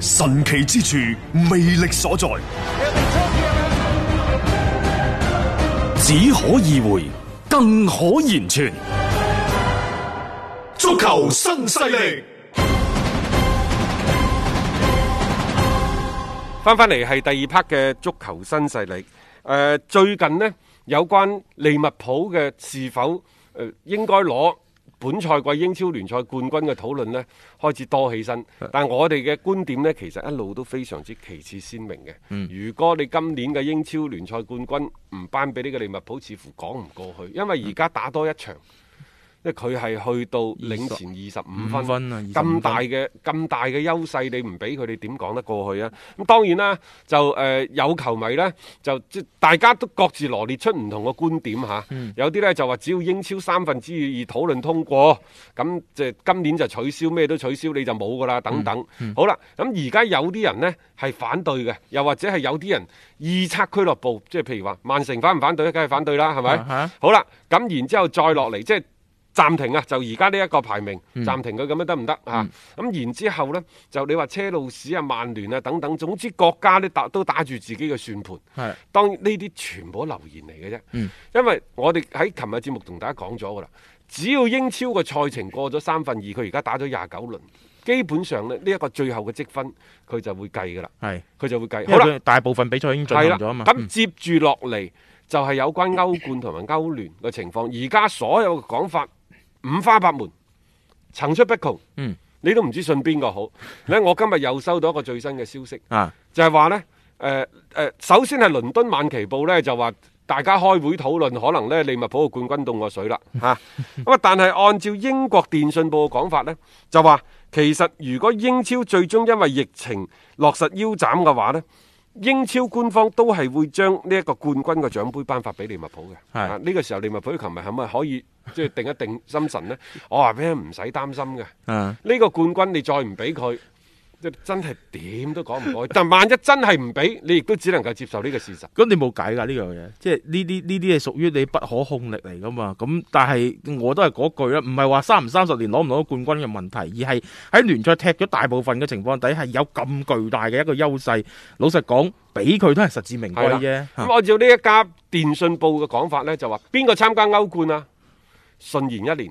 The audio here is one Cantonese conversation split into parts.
神奇之處，魅力所在，只可意會，更可言傳。足球新勢力，翻翻嚟係第二 part 嘅足球新勢力。誒、呃，最近呢，有關利物浦嘅是否誒、呃、應該攞本賽季英超聯賽冠軍嘅討論呢，開始多起身，但我哋嘅觀點呢，其實一路都非常之旗幟鮮明嘅。嗯、如果你今年嘅英超聯賽冠軍唔頒俾呢個利物浦，似乎講唔過去，因為而家打多一場。嗯即係佢係去到領前二十五分，咁大嘅咁大嘅優勢，你唔俾佢你點講得過去啊？咁當然啦，就誒、呃、有球迷呢，就即大家都各自羅列出唔同嘅觀點嚇。嗯、有啲呢就話只要英超三分之二討論通過，咁即今年就取消咩都取消，你就冇噶啦等等。嗯嗯、好啦，咁而家有啲人呢係反對嘅，又或者係有啲人預測俱樂部，即係譬如話曼城反唔反對，梗係反對啦，係咪？好啦，咁然之後再落嚟即係。暫停啊！就而家呢一個排名暫停佢咁樣得唔得啊？咁然之後呢，就你話車路士啊、曼聯啊等等，總之國家咧打都打住自己嘅算盤。係，當呢啲全部流言嚟嘅啫。因為我哋喺琴日節目同大家講咗㗎啦，只要英超嘅賽程過咗三分二，佢而家打咗廿九輪，基本上咧呢一個最後嘅積分佢就會計㗎啦。係，佢就會計。好啦，大部分比賽已經進行咗嘛。咁接住落嚟就係有關歐冠同埋歐聯嘅情況。而家所有嘅講法，五花八門，層出不窮，嗯，你都唔知信邊個好。咧，我今日又收到一個最新嘅消息，啊，就係、是、話呢。誒、呃、誒、呃，首先係倫敦晚旗報呢，就話，大家開會討論，可能咧利物浦嘅冠軍凍，凍過水啦，吓，咁啊， 但係按照英國電信報嘅講法呢，就話其實如果英超最終因為疫情落實腰斬嘅話呢。英超官方都係會將呢一個冠軍嘅獎盃頒發俾利物浦嘅，呢的、啊呢個時候利物浦琴日係咪可以即係定一定心神咧？ 我話俾人唔使擔心嘅，呢的個冠軍你再唔俾佢。真係點都講唔開，但萬一真係唔俾，你亦都只能夠接受呢個事實。咁你冇計噶呢樣嘢，即係呢啲呢啲係屬於你不可控力嚟噶嘛。咁但係我都係嗰句啦，唔係話三唔三十年攞唔攞到冠軍嘅問題，而係喺聯賽踢咗大部分嘅情況底下係有咁巨大嘅一個優勢。老實講，俾佢都係實至名歸啫。咁按照呢一家電訊報嘅講法咧，就話邊個參加歐冠啊？順延一年。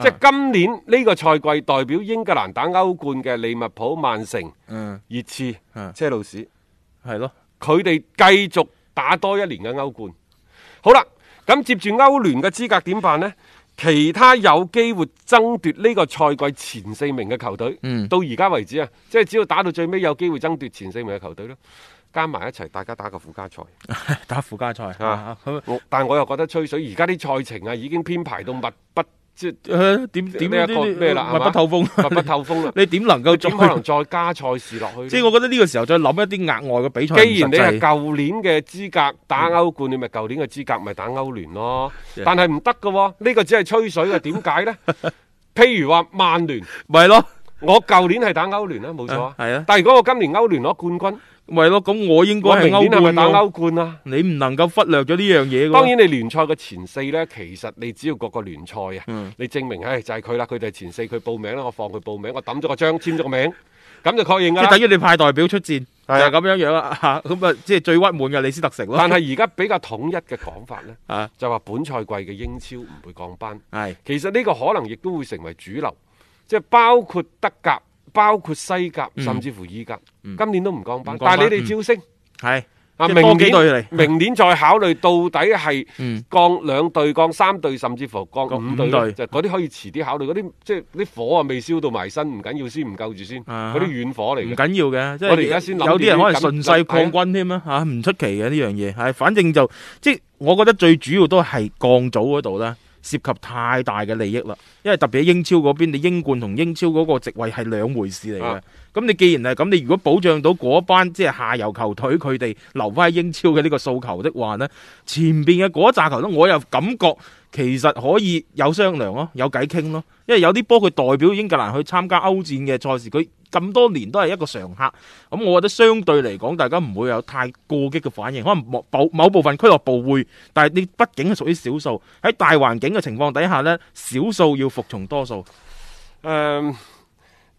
即今年呢個賽季代表英格蘭打歐冠嘅利物浦、曼城、嗯、熱刺、車路士，係咯的，佢哋繼續打多一年嘅歐冠。好啦，咁接住歐聯嘅資格點辦呢？其他有機會爭奪呢個賽季前四名嘅球隊，嗯、到而家為止啊，即係只要打到最尾有機會爭奪前四名嘅球隊咯，加埋一齊，大家打個附加賽， 打附加賽。但係我又覺得吹水，而家啲賽程啊，已經編排到密不。即點點呢一個咩啦？密不透風，密不透風。你點能夠仲可能再加賽事落去？即係我覺得呢個時候再諗一啲額外嘅比賽。既然你係舊年嘅資格打歐冠，你咪舊年嘅資格咪打歐聯咯。但係唔得噶，呢個只係吹水嘅。點解咧？譬如話曼聯，咪咯，我舊年係打歐聯啦，冇錯。係啊。但係如果我今年歐聯攞冠軍？係咯，咁我應該係歐冠打歐冠啊。你唔能夠忽略咗呢樣嘢。當然，你聯賽嘅前四呢，其實你只要各個聯賽啊，嗯、你證明唉、哎、就係佢啦，佢哋前四，佢報名啦，我放佢報名，我抌咗個章，簽咗個名，咁就確認啦。即等於你派代表出戰，係咁樣樣啊。吓，咁啊，即係最鬱悶嘅李斯特城咯。但係而家比較統一嘅講法呢，啊，就話本賽季嘅英超唔會降班。係的，其實呢個可能亦都會成為主流，即係包括德甲。包括西甲，甚至乎意甲，今年都唔降班，但係你哋照升，係啊，明年嚟，明年再考慮到底係降兩隊，降三隊，甚至乎降五隊，就嗰啲可以遲啲考慮，嗰啲即係啲火啊未燒到埋身，唔緊要先，唔夠住先，嗰啲軟火嚟，唔緊要嘅。我哋而家先有啲人可能順勢抗軍添啊，吓，唔出奇嘅呢樣嘢，係反正就即係我覺得最主要都係降組嗰度啦。涉及太大嘅利益啦，因為特別喺英超嗰邊，你英冠同英超嗰個席位係兩回事嚟嘅。咁、啊、你既然係咁，你如果保障到嗰班即係下游球隊，佢哋留翻喺英超嘅呢個訴求的話呢，呢前邊嘅嗰紮球咧，我又感覺。其實可以有商量咯，有偈傾咯，因為有啲波佢代表英格蘭去參加歐戰嘅賽事，佢咁多年都係一個常客。咁我覺得相對嚟講，大家唔會有太過激嘅反應，可能某部某部分俱樂部會，但係你畢竟係屬於少數喺大環境嘅情況底下呢，少數要服從多數。誒，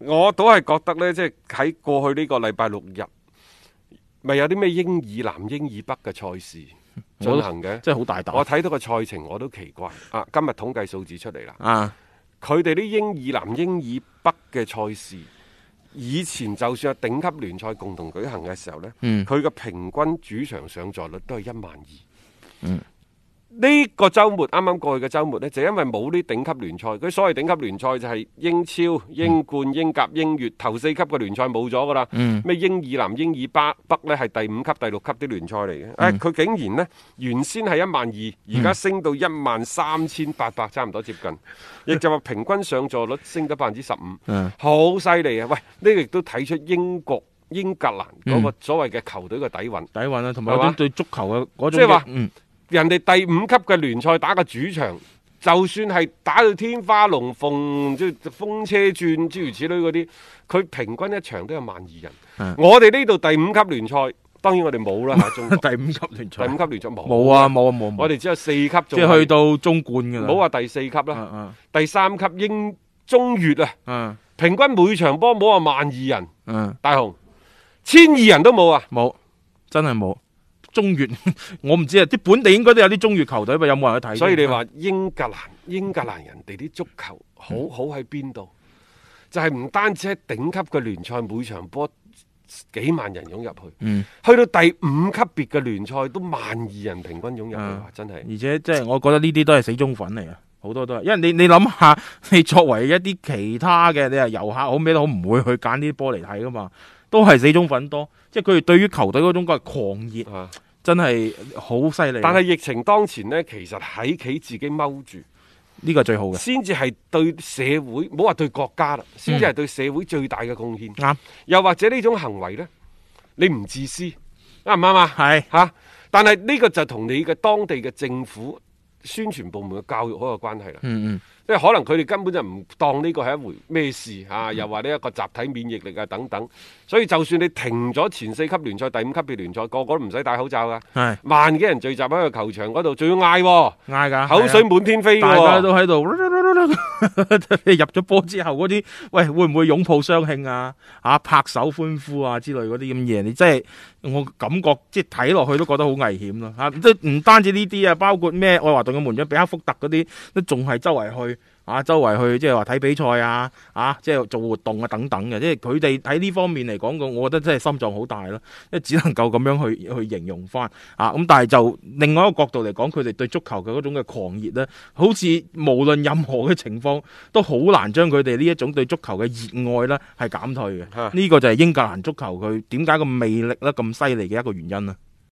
我都係覺得呢，即係喺過去呢個禮拜六日，咪有啲咩英二南、英二北嘅賽事。進行嘅，真係好大膽。我睇到個賽程，我都奇怪。啊，今日統計數字出嚟啦。啊，佢哋啲英爾南、英爾北嘅賽事，以前就算係頂級聯賽共同舉行嘅時候呢，佢嘅、嗯、平均主場上座率都係一萬二。嗯。呢個周末，啱啱過去嘅周末呢，就係、因為冇啲頂級聯賽，佢所謂頂級聯賽就係英超、英冠、英甲、英乙，頭四級嘅聯賽冇咗噶啦。咩、嗯、英二南、英二巴、北呢係第五級、第六級啲聯賽嚟嘅。誒、嗯，佢、哎、竟然呢，原先係一萬二，而家升到一萬三千八百，差唔多接近。亦就話平均上座率升咗百分之十五，好犀利啊！喂，呢個亦都睇出英國、英格蘭嗰個所謂嘅球隊嘅底蘊，底蘊啊，同埋話對足球嘅嗰種，即係話人哋第五級嘅聯賽打個主場，就算係打到天花龍鳳，即係風車轉，諸如此類嗰啲，佢平均一場都有萬二人。嗯、我哋呢度第五級聯賽，當然我哋冇啦。第五級聯賽，第五級聯賽冇。冇啊冇啊冇。我哋只有四級。即係去到中冠噶啦。唔好話第四級啦，嗯嗯第三級英中乙啊，嗯嗯平均每場波唔好話萬二人。嗯嗯大雄，千二人都冇啊？冇，真係冇。中越，我唔知啊！啲本地應該都有啲中越球隊，咪有冇人去睇？所以你話英格蘭，英格蘭人哋啲足球好好喺邊度？嗯、就係唔單止係頂級嘅聯賽，每場波幾萬人湧入去。嗯、去到第五級別嘅聯賽都萬二人平均湧入去，嗯、真係的。而且即係、就是、我覺得呢啲都係死忠粉嚟啊，好多都係。因為你你諗下，你作為一啲其他嘅，你係遊客好咩都好，唔會去揀呢啲波嚟睇噶嘛，都係死忠粉多。即係佢哋對於球隊嗰種梗係狂熱。嗯真係好犀利！但係疫情當前呢，其實喺企自己踎住，呢個最好嘅，先至係對社會，唔好話對國家啦，先至係對社會最大嘅貢獻。啱、啊，又或者呢種行為呢，你唔自私，啱唔啱啊？係嚇，但係呢個就同你嘅當地嘅政府宣傳部門嘅教育好有關係啦。嗯嗯。即係可能佢哋根本就唔當呢個係一回咩事嚇，又話呢一個集體免疫力啊等等，所以就算你停咗前四級聯賽、第五級別聯賽，個個都唔使戴口罩噶，萬幾人聚集喺個球場嗰度，仲要嗌嗌㗎，口水滿天飛嘅，大家都喺度入咗波之後嗰啲，喂，會唔會擁抱相慶啊？嚇，拍手歡呼啊之類嗰啲咁嘢，你真係我感覺即係睇落去都覺得好危險咯嚇，即係唔單止呢啲啊，包括咩愛華頓嘅門將比克福特嗰啲都仲係周圍去。啊，周圍去即係話睇比賽啊，啊，即係做活動啊等等嘅，即係佢哋喺呢方面嚟講我覺得真係心臟好大咯，即係只能夠咁樣去去形容翻啊。咁但係就另外一個角度嚟講，佢哋對足球嘅嗰種嘅狂熱咧，好似無論任何嘅情況都好難將佢哋呢一種對足球嘅熱愛咧係減退嘅。啊，呢個就係英格蘭足球佢點解個魅力咧咁犀利嘅一個原因啦。